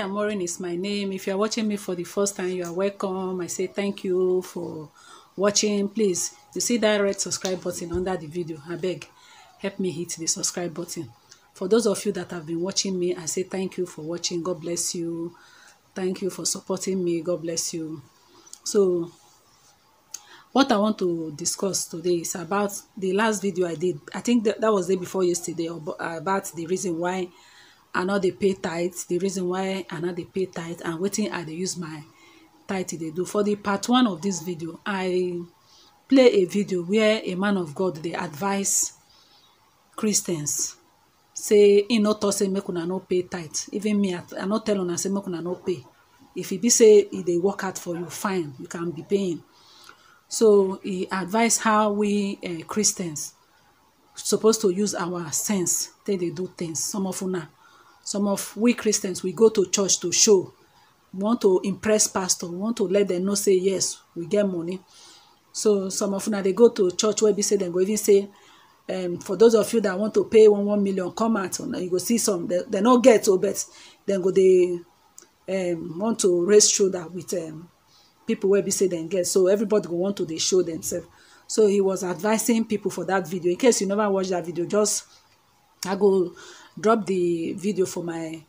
Amorin is my name. If you are watching me for the first time, you are welcome. I say thank you for watching. Please, you see that red subscribe button under the video. I beg, help me hit the subscribe button. For those of you that have been watching me, I say thank you for watching. God bless you. Thank you for supporting me. God bless you. So, what I want to discuss today is about the last video I did. I think that, that was day before yesterday about the reason why i no dey pay tithe the reason why i no dey pay tithe and wetin i dey use my tithe dey do for the part one of this video i play a video where a man of god dey advise christians say he no talk say make una no pay tithe even me i no tell una say make una no pay if e be say e dey work out for you fine you can be paying so he advise how we uh, christians suppose to use our sense take dey do things some of una Some of we Christians, we go to church to show. We want to impress pastor. We want to let them know, say, yes, we get money. So some of una dey go to church wey be say dem go even say, um, for those of you that want to pay one one million, come out. You go see some, they, they no get o, oh, but dem go dey um, want to raise shoulder with um, people wey be say dem get. So everybody go want to dey show themselves. So he was advising people for that video. In case you never watch that video, just I go drop the video for my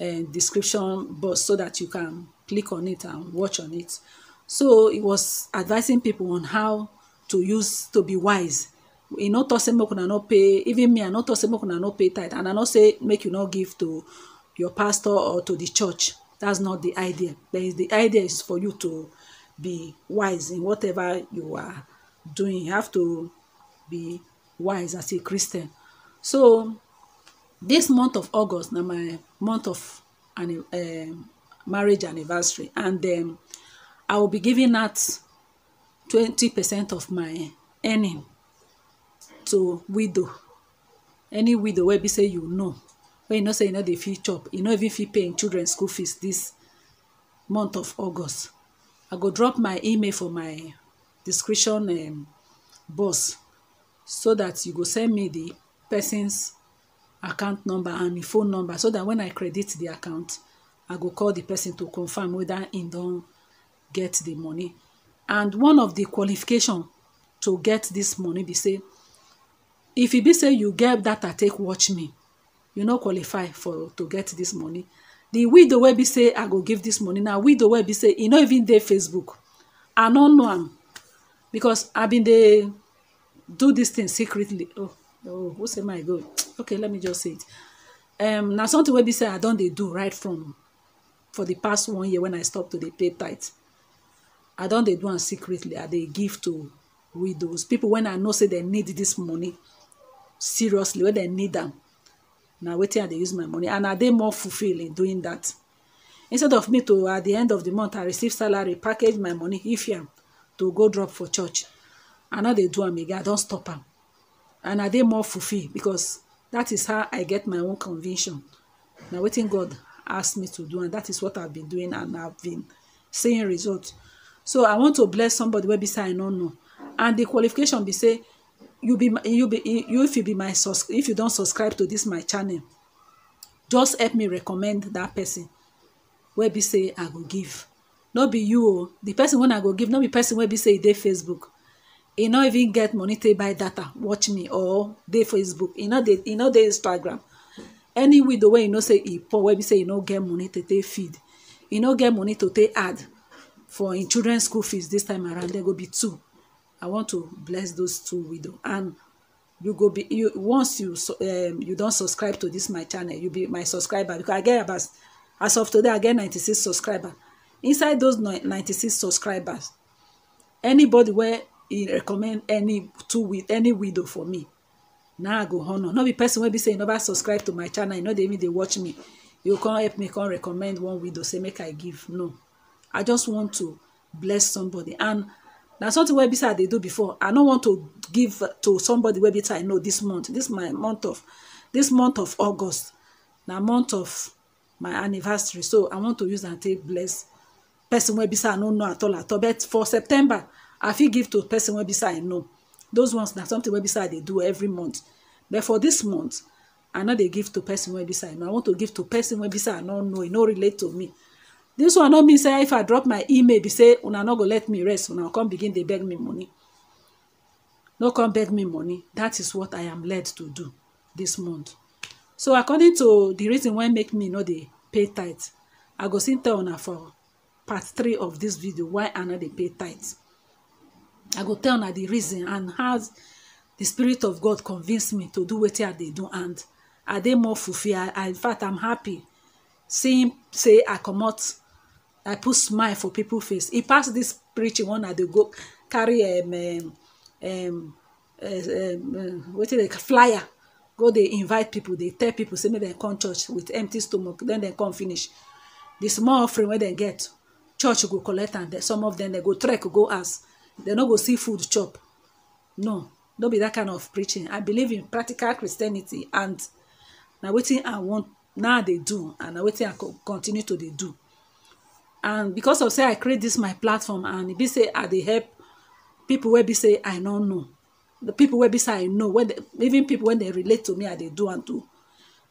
uh, description box so that you can click on it and watch on it so it was advising people on how to use to be wise You know, talk say make una pay even me i no talk say make una pay tithe and i no say make you not give to your pastor or to the church that's not the idea there the idea is for you to be wise in whatever you are doing you have to be wise as a christian so this month of august na my month of um, marriage anniversary and um, i will be giving out twenty percent of my earning to widow any widow wey be say you know wey you know say you no dey fit chop you no even fit pay im children school fees this month of august i go drop my email for my description um, box so that you go send me the person's account number and the phone number so that when i credit the account i go call the person to confirm whether he don get the money and one of the qualification to get this money be say if e be say you get data take watch me you no qualify for to get this money the widow wey be say i go give this money na widow wey be say e no even dey facebook i no know am because i bin dey do this thing secretly oh oh who say my good? okay let me just say it um something wey be say i don't they do right from for the past one year when i stop to the pay tight. i don't they do am secretly i they give to widows people when i know say they need this money seriously when they need them. Now waiting, they use my money and are they more fulfilling doing that instead of me to at the end of the month i receive salary package my money if you to go drop for church i now they do am again i not stop am and i dey more fulfilled because that is how i get my own conviction na wetin god ask me to do and that is what i've been doing and i've been seeing result so i want to bless somebody wey be say i no know and the qualification be say you be you be you if you be my sus if you don subscribe to this my channel just help me recommend that person wey be say i go give no be you o oh. the person wey i go give no be person wey be say e dey facebook e no even get money take buy data watch me or dey facebook e, e no dey instagram any widow wey you know say e poor wey be say e no get money to take feed e no get money to take add for im children school fees this time around there go be two i want to bless those two widow and you go be you once you um, you don subscribe to this my channel you be my subscriber because i get about as of today i get 96 subscribers inside those 96 subscribers anybody wey he recommend any two with any widow for me Now i go honour no be person wey be say you never subscribe to my channel you no dey even dey watch me you come help me come recommend one widow say make i give no i just want to bless somebody and na something wey be say i dey do before i no want to give to somebody wey be say i know this month this my month of this month of august na month of my anniversary so i want to use am take bless person wey be say i no know at all at all but for september i fit give to person wey be say i know those ones na something wey be say i dey do every month but for this month i no dey give to person wey be say i know i want to give to person wey be say i no know e no relate to me this one no mean say if i drop my email be say una no go let me rest una come begin dey beg me money no come beg me money that is what i am led to do this month so according to the reason why make me no dey pay tithe i go still tell una for part three of this video why i no dey pay tithe i go tell na the reason and how the spirit of god convinced me to do wetin i they do and i they more fulfilled in fact i'm happy seeing say i cannot, i put smile for people face He pass this preaching one i the go carry um um um, eh, um eh, wetin a flyer go they invite people They tell people say make they come church with empty stomach then they come finish the small offering where they get church go collect and some of them they go trek go ask dem no go see food chop no Don't be that kind of preaching i believe in practical christianity and now waiting. i want now they do and now waiting. i continue to they do and because of say i create this my platform and e be say i they help people, where be say i no know the people where be say i know when even people when they relate to me i they do and do.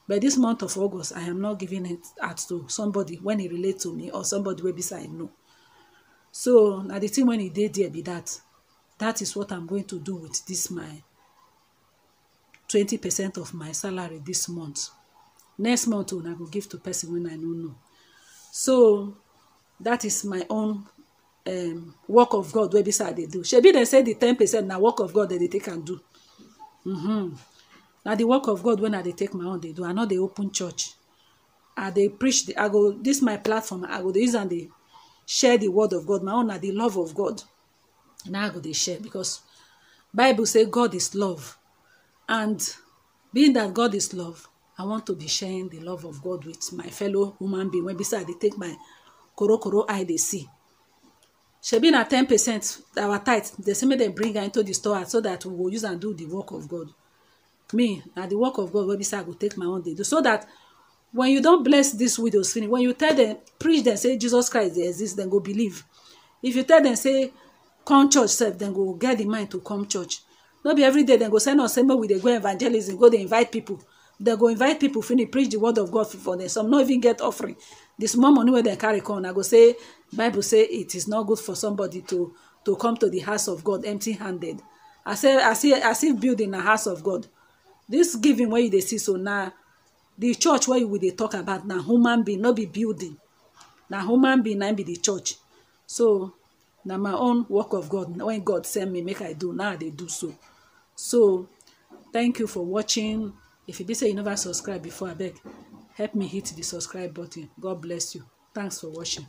but this month of august i am not giving it out to somebody when he relate to me or somebody where be say i know so na the thing when e dey there be that that is what i'm going to do with this my twenty percent of my salary this month next month una oh, go give to person when i no know so that is my own um, work of god wey be say i dey do shebi dem say the ten percent na work of god dem dey take am do mm -hmm. na the work of god wey i dey take my own dey do i no dey open church i dey preach the, i go this my platform i go dey use am dey share the word of god my own na the love of god na i go dey share because bible say god is love and being that god is love i want to be sharing the love of god with my fellow human being wey be say i dey take my korokoro eye dey see shebi na ten percent our tithe dey say make dem bring am into the store so that we go use am do the work of god me na the work of god wey be say i go take my own dey do so that when you don't bless this widows finish when you tell them, preach them, say jesus christ exists, then go believe if you tell them say come church self, then go get the mind to come church Not be every day Then go send us a with we dey go evangelism go they invite people. They go invite people. finish preach the word of god for them. some not even get offering This moment money they carry corn. i go say bible say it is not good for somebody to to come to the house of god empty handed as if building a house of god This giving way they see so now. the church wey we dey talk about na human being no be building na human being na be the church so na my own work of god when god send me make i do now i dey do so so thank you for watching if you e be say you never subscribe before abeg help me hit the subscribe button god bless you thanks for watching